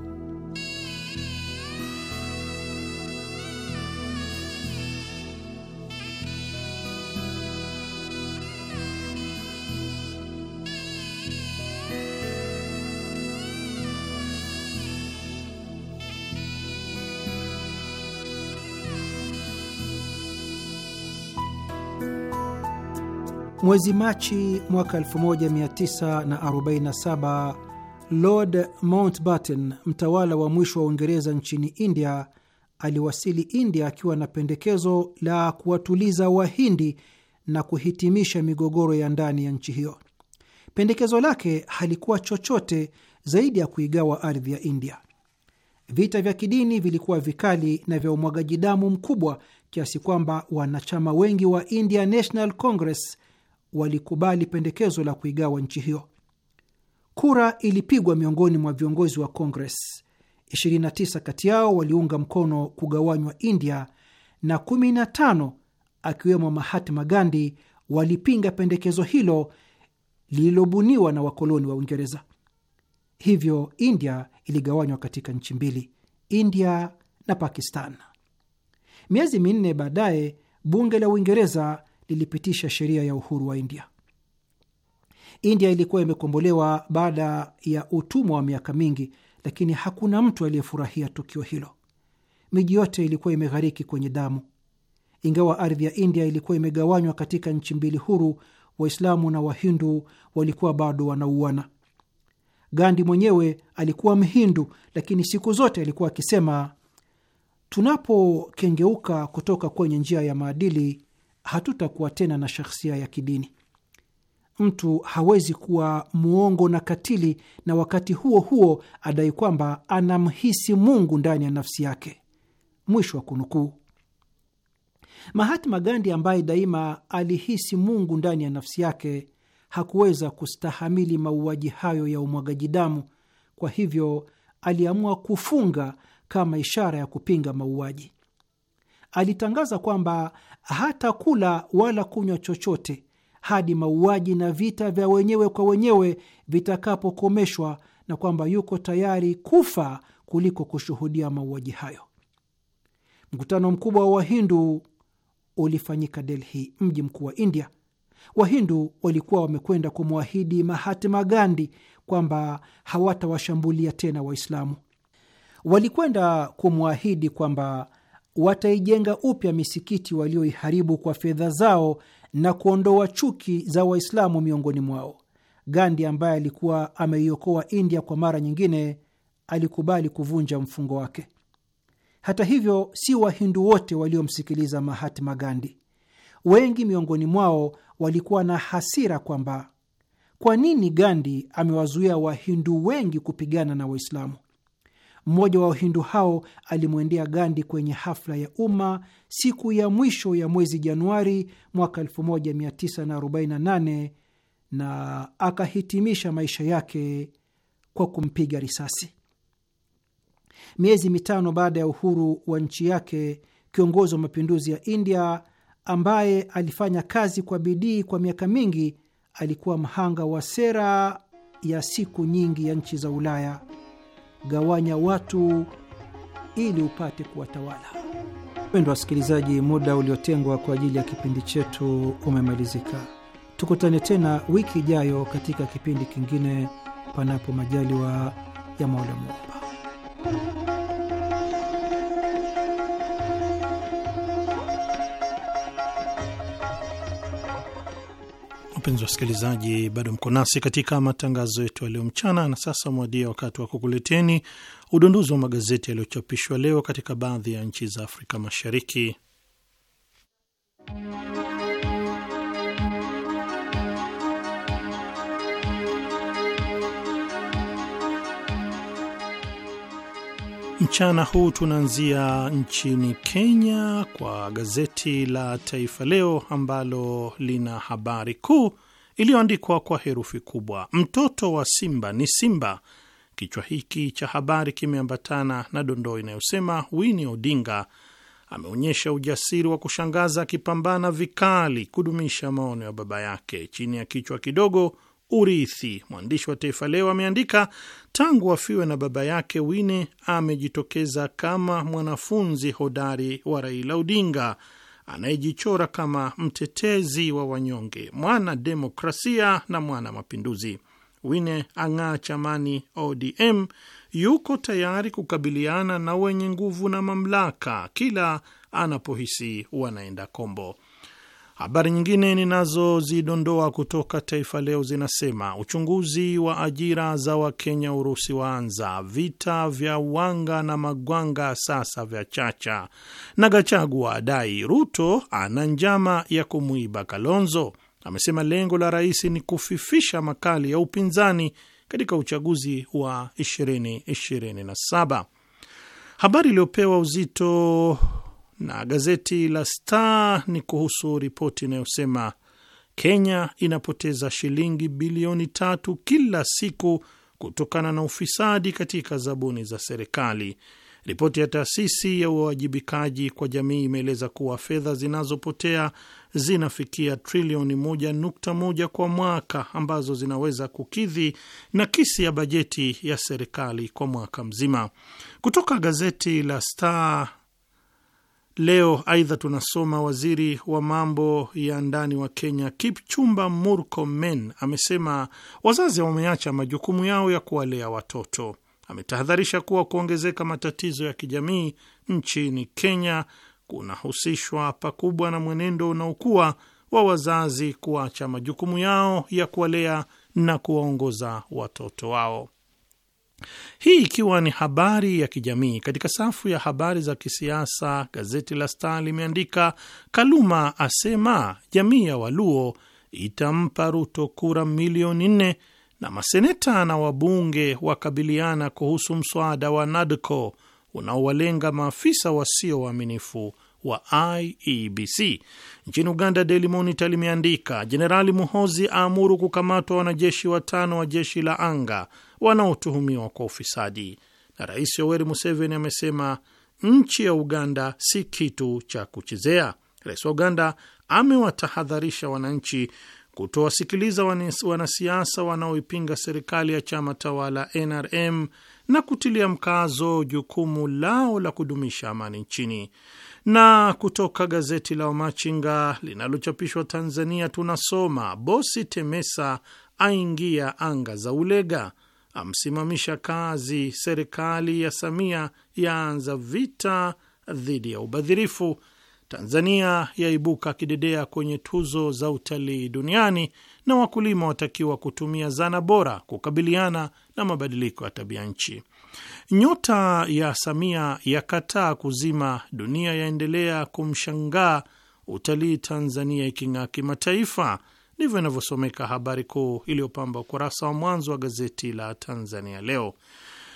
Mwezi Machi mwaka 1947 Lord Mountbatten, mtawala wa mwisho wa Uingereza nchini India, aliwasili India akiwa na pendekezo la kuwatuliza Wahindi na kuhitimisha migogoro ya ndani ya nchi hiyo. Pendekezo lake halikuwa chochote zaidi ya kuigawa ardhi ya India. Vita vya kidini vilikuwa vikali na vya umwagaji damu mkubwa kiasi kwamba wanachama wengi wa India National Congress walikubali pendekezo la kuigawa nchi hiyo. Kura ilipigwa miongoni mwa viongozi wa Kongres. 29 kati yao waliunga mkono kugawanywa India na 15 akiwemo Mahatma Gandhi walipinga pendekezo hilo lililobuniwa na wakoloni wa Uingereza. Hivyo India iligawanywa katika nchi mbili, India na Pakistan. Miezi minne baadaye bunge la Uingereza lilipitisha sheria ya uhuru wa India. India ilikuwa imekombolewa baada ya utumwa wa miaka mingi, lakini hakuna mtu aliyefurahia tukio hilo. Miji yote ilikuwa imeghariki kwenye damu. Ingawa ardhi ya India ilikuwa imegawanywa katika nchi mbili huru, Waislamu na Wahindu walikuwa bado wanauana. Gandhi mwenyewe alikuwa Mhindu, lakini siku zote alikuwa akisema, tunapokengeuka kutoka kwenye njia ya maadili, hatutakuwa tena na shakhsia ya kidini. Mtu hawezi kuwa mwongo na katili na wakati huo huo adai kwamba anamhisi Mungu ndani ya nafsi yake. Mwisho wa kunukuu. Mahatma Gandhi ambaye daima alihisi Mungu ndani ya nafsi yake hakuweza kustahamili mauaji hayo ya umwagaji damu. Kwa hivyo aliamua kufunga kama ishara ya kupinga mauaji alitangaza kwamba hata kula wala kunywa chochote hadi mauaji na vita vya wenyewe kwa wenyewe vitakapokomeshwa na kwamba yuko tayari kufa kuliko kushuhudia mauaji hayo. Mkutano mkubwa wa Wahindu ulifanyika Delhi, mji mkuu wa India. Wahindu walikuwa wamekwenda kumwahidi Mahatma Gandhi kwamba hawatawashambulia tena Waislamu. Walikwenda kumwahidi kwamba wataijenga upya misikiti walioiharibu kwa fedha zao na kuondoa chuki za Waislamu miongoni mwao. Gandhi ambaye alikuwa ameiokoa India kwa mara nyingine alikubali kuvunja mfungo wake. Hata hivyo, si Wahindu wote waliomsikiliza Mahatma Gandhi. Wengi miongoni mwao walikuwa na hasira kwamba kwa nini Gandhi amewazuia Wahindu wengi kupigana na Waislamu. Mmoja wa Wahindu hao alimwendea Gandhi kwenye hafla ya umma siku ya mwisho ya mwezi Januari mwaka 1948 na akahitimisha maisha yake kwa kumpiga risasi. Miezi mitano baada ya uhuru wa nchi yake, kiongozi wa mapinduzi ya India ambaye alifanya kazi kwa bidii kwa miaka mingi alikuwa mhanga wa sera ya siku nyingi ya nchi za Ulaya gawanya watu ili upate kuwatawala. Wapendwa wasikilizaji, muda uliotengwa kwa ajili ya kipindi chetu umemalizika. Tukutane tena wiki ijayo katika kipindi kingine, panapo majaliwa ya Mola Muumba. Wapenzi wasikilizaji, bado mko nasi katika matangazo yetu ya leo mchana, na sasa mwadia wakati wa kukuleteni udondozi wa magazeti yaliyochapishwa leo katika baadhi ya nchi za Afrika Mashariki. Mchana huu tunaanzia nchini Kenya kwa gazeti la Taifa Leo ambalo lina habari kuu iliyoandikwa kwa herufi kubwa, mtoto wa Simba ni Simba. Kichwa hiki cha habari kimeambatana na dondoo inayosema Winnie Odinga ameonyesha ujasiri wa kushangaza akipambana vikali kudumisha maono ya baba yake. Chini ya kichwa kidogo urithi. Mwandishi wa Taifa Leo ameandika tangu afiwe na baba yake Wine amejitokeza kama mwanafunzi hodari wa Raila Odinga anayejichora kama mtetezi wa wanyonge, mwana demokrasia na mwana mapinduzi. Wine ang'aa chamani ODM, yuko tayari kukabiliana na wenye nguvu na mamlaka kila anapohisi wanaenda kombo. Habari nyingine ninazozidondoa kutoka Taifa Leo zinasema uchunguzi wa ajira za Wakenya Urusi waanza, vita vya wanga na magwanga sasa vya Chacha, na Gachagua adai Ruto ana njama ya kumwiba Kalonzo. Amesema lengo la rais ni kufifisha makali ya upinzani katika uchaguzi wa 2027. Habari iliyopewa uzito na gazeti la Star ni kuhusu ripoti inayosema Kenya inapoteza shilingi bilioni tatu kila siku kutokana na ufisadi katika zabuni za serikali. Ripoti ya taasisi ya uwajibikaji kwa jamii imeeleza kuwa fedha zinazopotea zinafikia trilioni moja nukta moja kwa mwaka ambazo zinaweza kukidhi nakisi ya bajeti ya serikali kwa mwaka mzima. Kutoka gazeti la Star Leo aidha tunasoma waziri wa mambo ya ndani wa Kenya Kipchumba Murkomen amesema wazazi wameacha majukumu yao ya kuwalea watoto. Ametahadharisha kuwa kuongezeka matatizo ya kijamii nchini Kenya kunahusishwa pakubwa na mwenendo unaokuwa wa wazazi kuacha majukumu yao ya kuwalea na kuwaongoza watoto wao. Hii ikiwa ni habari ya kijamii. Katika safu ya habari za kisiasa, gazeti la Star limeandika Kaluma asema jamii ya Waluo itampa Ruto kura milioni nne na maseneta na wabunge wakabiliana kuhusu mswada wa NADCO unaowalenga maafisa wasio waaminifu wa IEBC. Nchini Uganda, Daily Monitor limeandika Jenerali Muhozi aamuru kukamatwa wanajeshi watano wa jeshi la anga wanaotuhumiwa kwa ufisadi. Na Rais Yoweri Museveni amesema nchi ya Uganda si kitu cha kuchezea. Rais wa Uganda amewatahadharisha wananchi kutowasikiliza wanasiasa wanaoipinga serikali ya chama tawala NRM na kutilia mkazo jukumu lao la kudumisha amani nchini. Na kutoka gazeti la Wamachinga linalochapishwa Tanzania tunasoma bosi Temesa aingia anga za Ulega amsimamisha kazi serikali ya Samia yaanza vita dhidi ya ubadhirifu. Tanzania yaibuka kidedea kwenye tuzo za utalii duniani, na wakulima watakiwa kutumia zana bora kukabiliana na mabadiliko ya tabia nchi. Nyota ya Samia yakataa kuzima, dunia yaendelea kumshangaa, utalii Tanzania iking'aa kimataifa. Ndivyo inavyosomeka habari kuu iliyopamba ukurasa wa mwanzo wa gazeti la Tanzania Leo.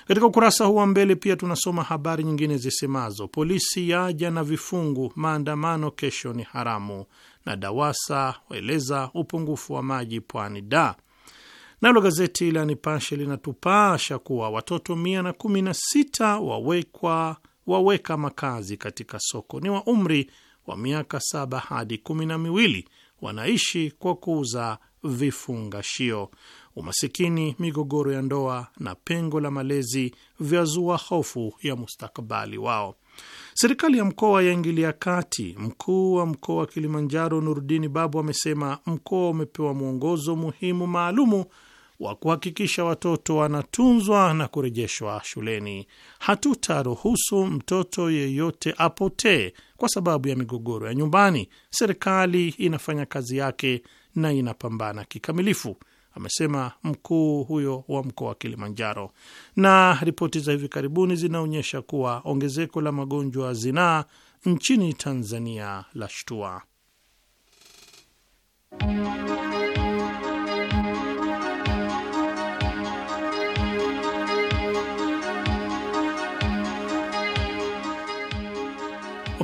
Katika ukurasa huu wa mbele pia tunasoma habari nyingine zisemazo: polisi yaja na vifungu, maandamano kesho ni haramu, na DAWASA waeleza upungufu wa maji pwani da Nalo gazeti la Nipashe linatupasha kuwa watoto mia wawekwa waweka makazi katika soko, ni wa umri wa miaka saba hadi kumi na miwili wanaishi kwa kuuza vifungashio. Umasikini, migogoro ya ndoa na pengo la malezi vyazua hofu ya mustakabali wao. Serikali ya mkoa yaingilia kati. Mkuu wa mkoa wa Kilimanjaro Nurudini Babu amesema mkoa umepewa mwongozo muhimu maalumu wa kuhakikisha watoto wanatunzwa na kurejeshwa shuleni. Hatutaruhusu mtoto yeyote apotee kwa sababu ya migogoro ya nyumbani. Serikali inafanya kazi yake na inapambana kikamilifu, amesema mkuu huyo wa mkoa wa Kilimanjaro. Na ripoti za hivi karibuni zinaonyesha kuwa ongezeko la magonjwa ya zinaa nchini Tanzania la shtua.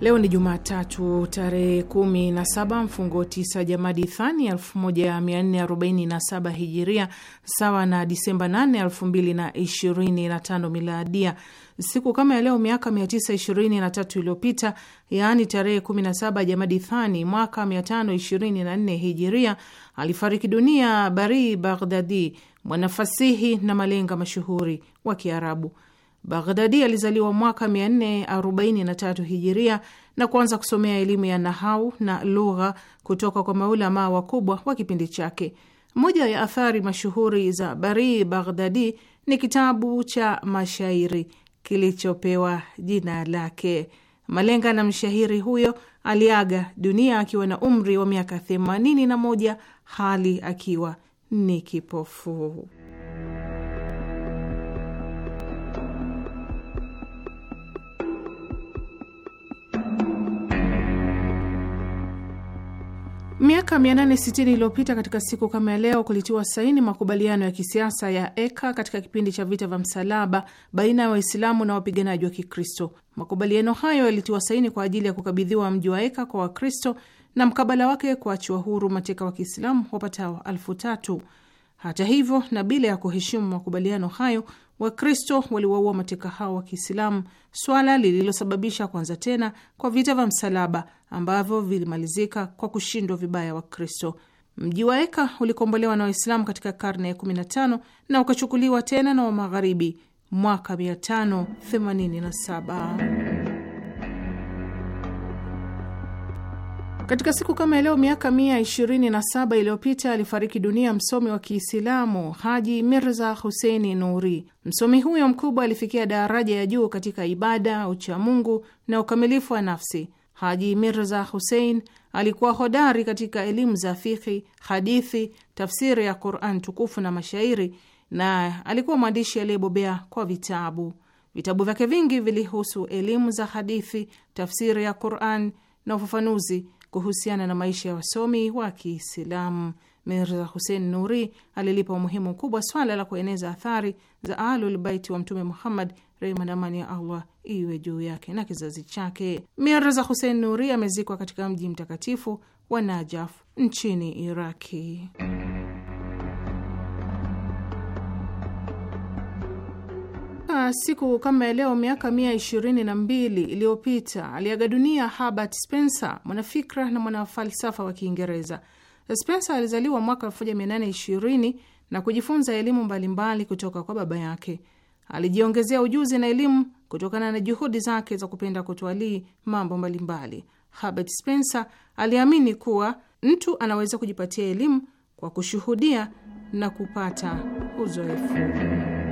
Leo ni Jumatatu tarehe 17 mfungo 9 Jamadi Thani 1447 Hijiria, sawa na Disemba 8, 2025 Miladia. Siku kama ya leo miaka 923 iliyopita, yaani tarehe 17 Jamadi Thani mwaka 524 Hijiria, alifariki dunia Bari Baghdadi, mwanafasihi na malenga mashuhuri wa Kiarabu. Baghdadi alizaliwa mwaka 443 hijiria na kuanza kusomea elimu ya nahau na lugha kutoka kwa maulamaa wakubwa wa kipindi chake. Moja ya athari mashuhuri za Bari Baghdadi ni kitabu cha mashairi kilichopewa jina lake. Malenga na mshahiri huyo aliaga dunia akiwa na umri wa miaka 81 hali akiwa ni kipofu. Miaka 860 iliyopita katika siku kama ya leo kulitiwa saini makubaliano ya kisiasa ya Eka katika kipindi cha vita vya msalaba baina ya wa Waislamu na wapiganaji wa Kikristo. Makubaliano hayo yalitiwa saini kwa ajili ya kukabidhiwa mji wa Eka kwa Wakristo na mkabala wake kuachiwa huru mateka wa Kiislamu wapatao elfu tatu. Hata hivyo, na bila ya kuheshimu makubaliano hayo, Wakristo waliwaua mateka hao wa Kiislamu, swala lililosababisha kuanza tena kwa vita vya msalaba ambavyo vilimalizika kwa kushindwa vibaya Wakristo. Mji wa Eka ulikombolewa na Waislamu katika karne ya 15 na ukachukuliwa tena na Wamagharibi mwaka 587. Katika siku kama leo miaka mia ishirini na saba iliyopita alifariki dunia msomi wa Kiislamu Haji Mirza Huseini Nuri. Msomi huyo mkubwa alifikia daraja ya juu katika ibada, uchamungu na ukamilifu wa nafsi. Haji Mirza Husein alikuwa hodari katika elimu za fiki hadithi, tafsiri ya Quran tukufu na mashairi, na alikuwa mwandishi aliyebobea kwa vitabu. Vitabu vyake vingi vilihusu elimu za hadithi, tafsiri ya Quran na ufafanuzi kuhusiana na maisha ya wasomi wa Kiislamu. Mirza Hussein Nuri alilipa umuhimu mkubwa swala la kueneza athari za Ahlul Baiti wa Mtume Muhammad, rehma na amani ya Allah iwe juu yake na kizazi chake. Mirza Hussein Nuri amezikwa katika mji mtakatifu wa Najaf nchini Iraki. Mpaka siku kama leo miaka mia ishirini na mbili iliyopita aliaga dunia Herbert Spencer, mwanafikra na mwanafalsafa wa Kiingereza. Spencer alizaliwa mwaka 1820 na kujifunza elimu mbalimbali kutoka kwa baba yake. Alijiongezea ujuzi na elimu kutokana na juhudi zake za kupenda kutwalii mambo mbalimbali. Herbert Spencer aliamini kuwa mtu anaweza kujipatia elimu kwa kushuhudia na kupata uzoefu.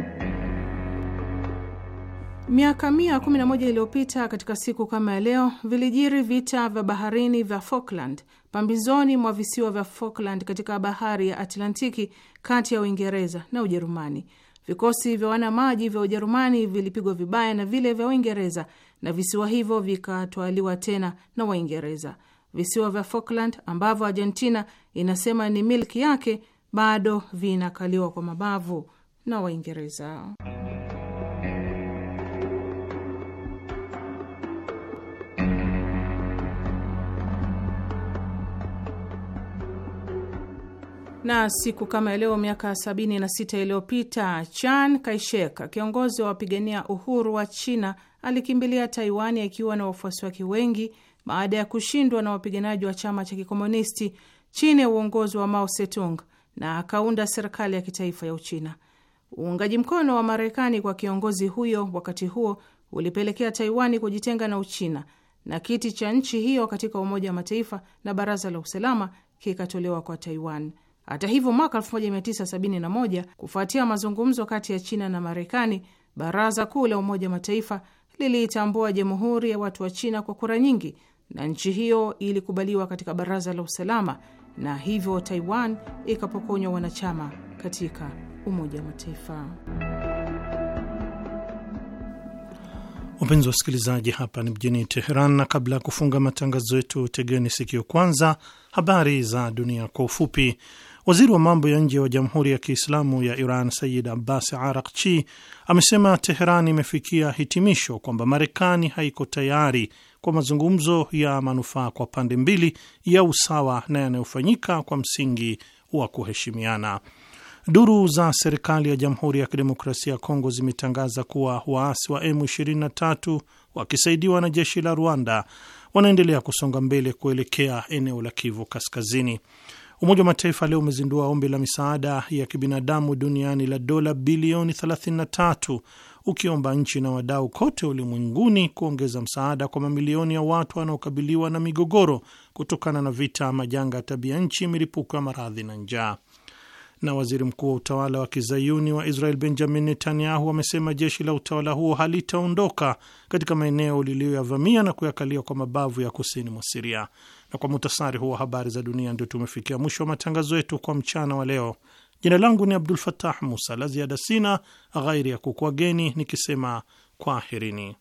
Miaka mia kumi na moja iliyopita katika siku kama ya leo vilijiri vita vya baharini vya Falkland pambizoni mwa visiwa vya Falkland katika bahari ya Atlantiki kati ya Uingereza na Ujerumani. Vikosi vya wanamaji vya Ujerumani vilipigwa vibaya na vile vya Uingereza na visiwa hivyo vikatwaliwa tena na Waingereza. Visiwa vya Falkland ambavyo Argentina inasema ni milki yake bado vinakaliwa kwa mabavu na Waingereza. Na siku kama leo miaka 76 iliyopita chan kaishek kiongozi wa wapigania uhuru wa China, alikimbilia Taiwani akiwa na wafuasi wake wengi baada ya kushindwa na wapiganaji wa chama cha kikomunisti chini ya uongozi wa Mao Setung na akaunda serikali ya kitaifa ya Uchina. Uungaji mkono wa Marekani kwa kiongozi huyo wakati huo ulipelekea Taiwani kujitenga na Uchina na kiti cha nchi hiyo katika Umoja wa Mataifa na Baraza la Usalama kikatolewa kwa Taiwan. Hata hivyo, mwaka 1971 kufuatia mazungumzo kati ya China na Marekani, baraza kuu la Umoja Mataifa liliitambua Jamhuri ya Watu wa China kwa kura nyingi, na nchi hiyo ilikubaliwa katika Baraza la Usalama, na hivyo Taiwan ikapokonywa wanachama katika Umoja wa Mataifa. Wapenzi wa wasikilizaji, hapa ni mjini Teheran, na kabla ya kufunga matangazo yetu, tegeni sikio kwanza habari za dunia kwa ufupi. Waziri wa mambo ya nje wa Jamhuri ya Kiislamu ya Iran Sayid Abbas Arakchi amesema Teheran imefikia hitimisho kwamba Marekani haiko tayari kwa mazungumzo ya manufaa kwa pande mbili ya usawa na yanayofanyika kwa msingi wa kuheshimiana. Duru za serikali ya Jamhuri ya Kidemokrasia ya Kongo zimetangaza kuwa waasi wa M23 wakisaidiwa na jeshi la Rwanda wanaendelea kusonga mbele kuelekea eneo la Kivu Kaskazini. Umoja wa Mataifa leo umezindua ombi la misaada ya kibinadamu duniani la dola bilioni 33 ukiomba nchi na wadau kote ulimwenguni kuongeza msaada kwa mamilioni ya watu wanaokabiliwa na migogoro kutokana na vita, majanga ya tabia nchi, milipuko ya maradhi na njaa. Na waziri mkuu wa utawala wa kizayuni wa Israel Benjamin Netanyahu amesema jeshi la utawala huo halitaondoka katika maeneo liliyoyavamia na kuyakalia kwa mabavu ya kusini mwa Siria. Na kwa muhtasari huo wa habari za dunia, ndio tumefikia mwisho wa matangazo yetu kwa mchana wa leo. Jina langu ni Abdul Fatah Musa. La ziada sina ghairi ya kukwageni nikisema kwaherini.